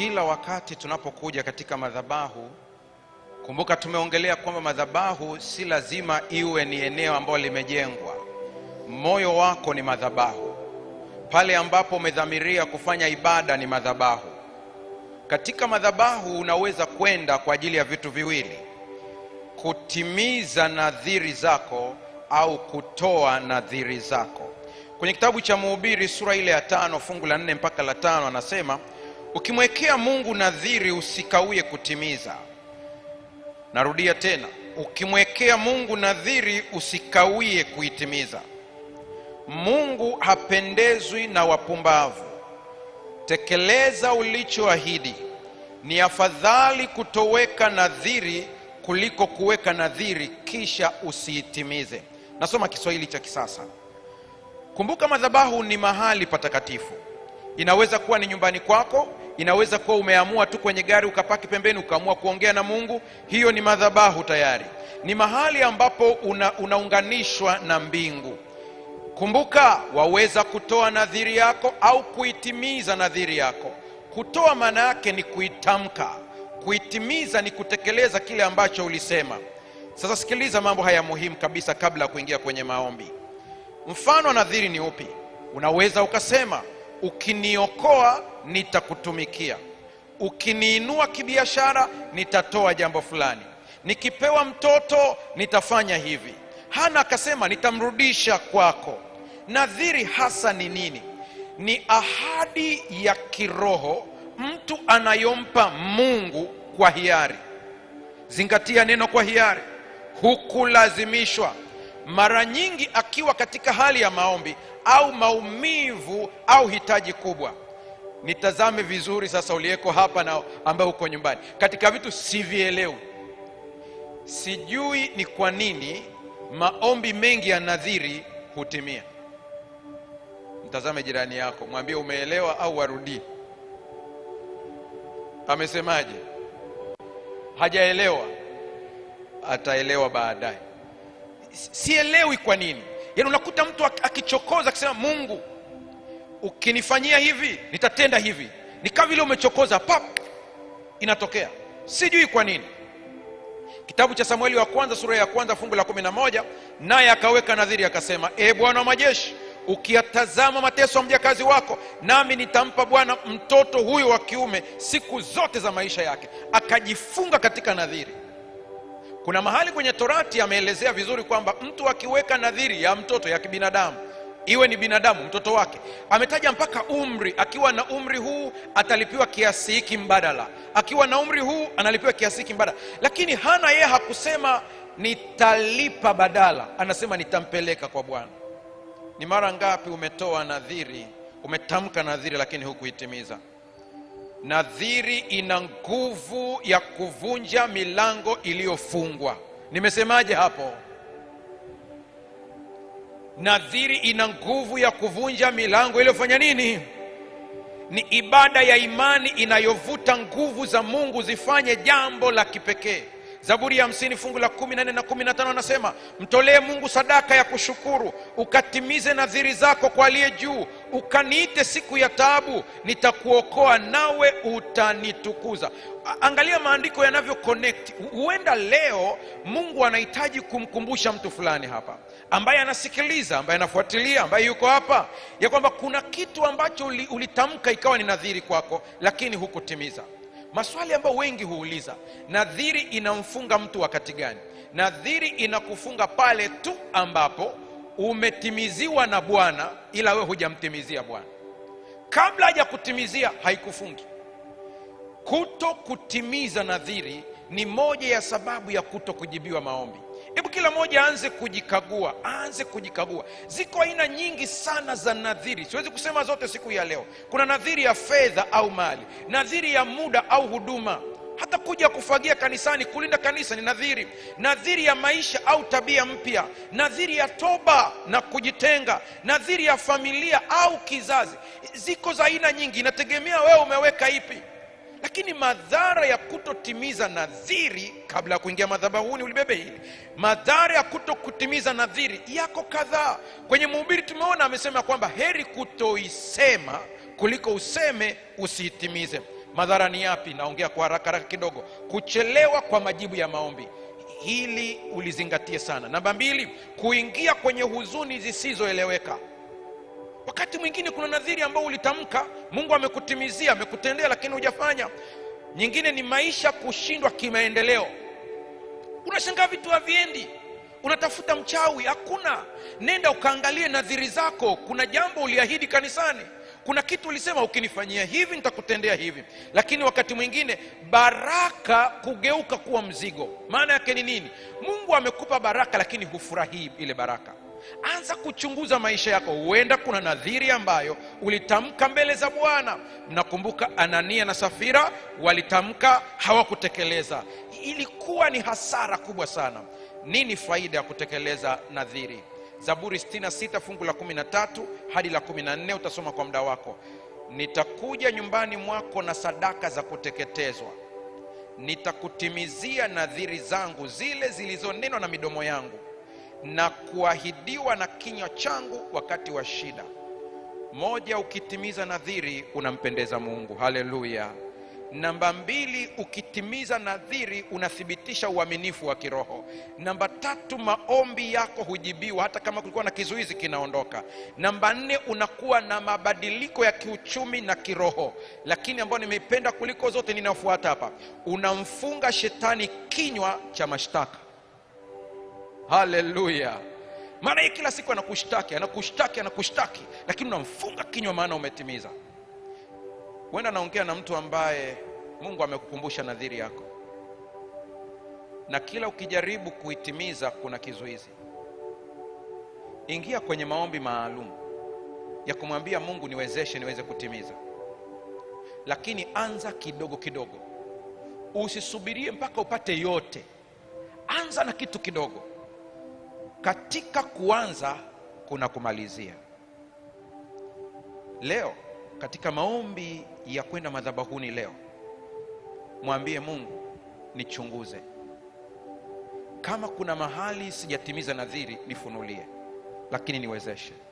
kila wakati tunapokuja katika madhabahu, kumbuka tumeongelea kwamba madhabahu si lazima iwe ni eneo ambalo limejengwa. Moyo wako ni madhabahu, pale ambapo umedhamiria kufanya ibada ni madhabahu. Katika madhabahu unaweza kwenda kwa ajili ya vitu viwili, kutimiza nadhiri zako au kutoa nadhiri zako. Kwenye kitabu cha Mhubiri sura ile ya tano fungu la nne mpaka la tano anasema Ukimwekea Mungu nadhiri usikawie kutimiza. Narudia tena, ukimwekea Mungu nadhiri usikawie kuitimiza. Mungu hapendezwi na wapumbavu. Tekeleza ulichoahidi. Ni afadhali kutoweka nadhiri kuliko kuweka nadhiri kisha usiitimize. Nasoma Kiswahili cha kisasa. Kumbuka, madhabahu ni mahali patakatifu. Inaweza kuwa ni nyumbani kwako Inaweza kuwa umeamua tu kwenye gari ukapaki pembeni ukaamua kuongea na Mungu, hiyo ni madhabahu tayari. Ni mahali ambapo una, unaunganishwa na mbingu. Kumbuka, waweza kutoa nadhiri yako au kuitimiza nadhiri yako. Kutoa maana yake ni kuitamka, kuitimiza ni kutekeleza kile ambacho ulisema. Sasa sikiliza mambo haya muhimu kabisa kabla ya kuingia kwenye maombi. Mfano nadhiri ni upi? Unaweza ukasema ukiniokoa nitakutumikia, ukiniinua kibiashara nitatoa jambo fulani, nikipewa mtoto nitafanya hivi. Hana akasema nitamrudisha kwako. Nadhiri hasa ni nini? Ni ahadi ya kiroho mtu anayompa Mungu kwa hiari. Zingatia neno kwa hiari, hukulazimishwa. Mara nyingi akiwa katika hali ya maombi au maumivu au hitaji kubwa. Nitazame vizuri sasa, uliyeko hapa na ambaye uko nyumbani, katika vitu sivielewi, sijui ni kwa nini maombi mengi ya nadhiri hutimia. Mtazame jirani yako, mwambie umeelewa au warudii. Amesemaje? Hajaelewa, ataelewa baadaye. Sielewi kwa nini yaani unakuta mtu akichokoza akisema mungu ukinifanyia hivi nitatenda hivi ni kama vile umechokoza pap inatokea sijui kwa nini kitabu cha samueli wa kwanza sura ya kwanza fungu la kumi na moja naye akaweka nadhiri akasema e bwana wa majeshi ukiyatazama mateso ya mjakazi wako nami nitampa bwana mtoto huyo wa kiume siku zote za maisha yake akajifunga katika nadhiri kuna mahali kwenye Torati ameelezea vizuri kwamba mtu akiweka nadhiri ya mtoto ya kibinadamu, iwe ni binadamu mtoto wake, ametaja mpaka umri. Akiwa na umri huu atalipiwa kiasi hiki mbadala, akiwa na umri huu analipiwa kiasi hiki mbadala. Lakini Hana yeye hakusema nitalipa badala, anasema nitampeleka kwa Bwana. Ni mara ngapi umetoa nadhiri, umetamka nadhiri, lakini hukuitimiza? Nadhiri ina nguvu ya kuvunja milango iliyofungwa. Nimesemaje hapo? Nadhiri ina nguvu ya kuvunja milango iliyofanya nini? Ni ibada ya imani inayovuta nguvu za Mungu zifanye jambo la kipekee. Zaburi ya hamsini fungu la kumi na nne na kumi na tano anasema mtolee Mungu sadaka ya kushukuru, ukatimize nadhiri zako kwa aliye juu ukaniite siku ya taabu, nitakuokoa nawe utanitukuza. Angalia maandiko yanavyo connect. Huenda leo Mungu anahitaji kumkumbusha mtu fulani hapa, ambaye anasikiliza, ambaye anafuatilia, ambaye yuko hapa, ya kwamba kuna kitu ambacho ulitamka ikawa ni nadhiri kwako, lakini hukutimiza. Maswali ambayo wengi huuliza, nadhiri inamfunga mtu wakati gani? Nadhiri inakufunga pale tu ambapo umetimiziwa na Bwana, ila wewe hujamtimizia Bwana. Kabla kutimizia haikufungi. Kuto kutimiza nadhiri ni moja ya sababu ya kuto kujibiwa maombi. Hebu kila mmoja aanze kujikagua, aanze kujikagua. Ziko aina nyingi sana za nadhiri, siwezi kusema zote siku ya leo. Kuna nadhiri ya fedha au mali, nadhiri ya muda au huduma, hata kuja kufagia kanisani, kulinda kanisa ni nadhiri, nadhiri ya maisha au tabia mpya, nadhiri ya toba na kujitenga, nadhiri ya familia au kizazi. Ziko za aina nyingi, inategemea wewe umeweka ipi. Lakini madhara ya kutotimiza nadhiri kabla ya kuingia madhabahuni, ulibebe hili. Madhara ya kutokutimiza nadhiri yako kadhaa. Kwenye mhubiri tumeona amesema kwamba heri kutoisema kuliko useme usiitimize. Madhara ni yapi? Naongea kwa haraka haraka kidogo. Kuchelewa kwa majibu ya maombi, hili ulizingatie sana. Namba mbili, kuingia kwenye huzuni zisizoeleweka. Wakati mwingine kuna nadhiri ambao ulitamka, Mungu amekutimizia, amekutendea, lakini hujafanya. Nyingine ni maisha kushindwa kimaendeleo. Unashangaa vitu haviendi, unatafuta mchawi, hakuna. Nenda ukaangalie nadhiri zako. Kuna jambo uliahidi kanisani kuna kitu ulisema ukinifanyia hivi nitakutendea hivi lakini wakati mwingine baraka kugeuka kuwa mzigo maana yake ni nini mungu amekupa baraka lakini hufurahii ile baraka anza kuchunguza maisha yako huenda kuna nadhiri ambayo ulitamka mbele za bwana mnakumbuka anania na safira walitamka hawakutekeleza ilikuwa ni hasara kubwa sana nini faida ya kutekeleza nadhiri Zaburi 66 fungu la 13 hadi la 14, utasoma kwa muda wako. Nitakuja nyumbani mwako na sadaka za kuteketezwa, nitakutimizia nadhiri zangu zile zilizonenwa na midomo yangu na kuahidiwa na kinywa changu wakati wa shida. Moja, ukitimiza nadhiri unampendeza Mungu. Haleluya! Namba mbili, ukitimiza nadhiri unathibitisha uaminifu wa kiroho. Namba tatu, maombi yako hujibiwa hata kama kulikuwa na kizuizi kinaondoka. Namba nne, unakuwa na mabadiliko ya kiuchumi na kiroho. Lakini ambayo nimeipenda kuliko zote ninayofuata hapa, unamfunga shetani kinywa cha mashtaka. Haleluya! Maana yeye kila siku anakushtaki anakushtaki anakushtaki, lakini unamfunga kinywa, maana umetimiza Huenda naongea na mtu ambaye Mungu amekukumbusha nadhiri yako, na kila ukijaribu kuitimiza kuna kizuizi. Ingia kwenye maombi maalum ya kumwambia Mungu, niwezeshe niweze kutimiza, lakini anza kidogo kidogo. Usisubirie mpaka upate yote, anza na kitu kidogo. Katika kuanza kuna kumalizia. Leo katika maombi ya kwenda madhabahuni leo, mwambie Mungu, nichunguze kama kuna mahali sijatimiza nadhiri, nifunulie, lakini niwezeshe.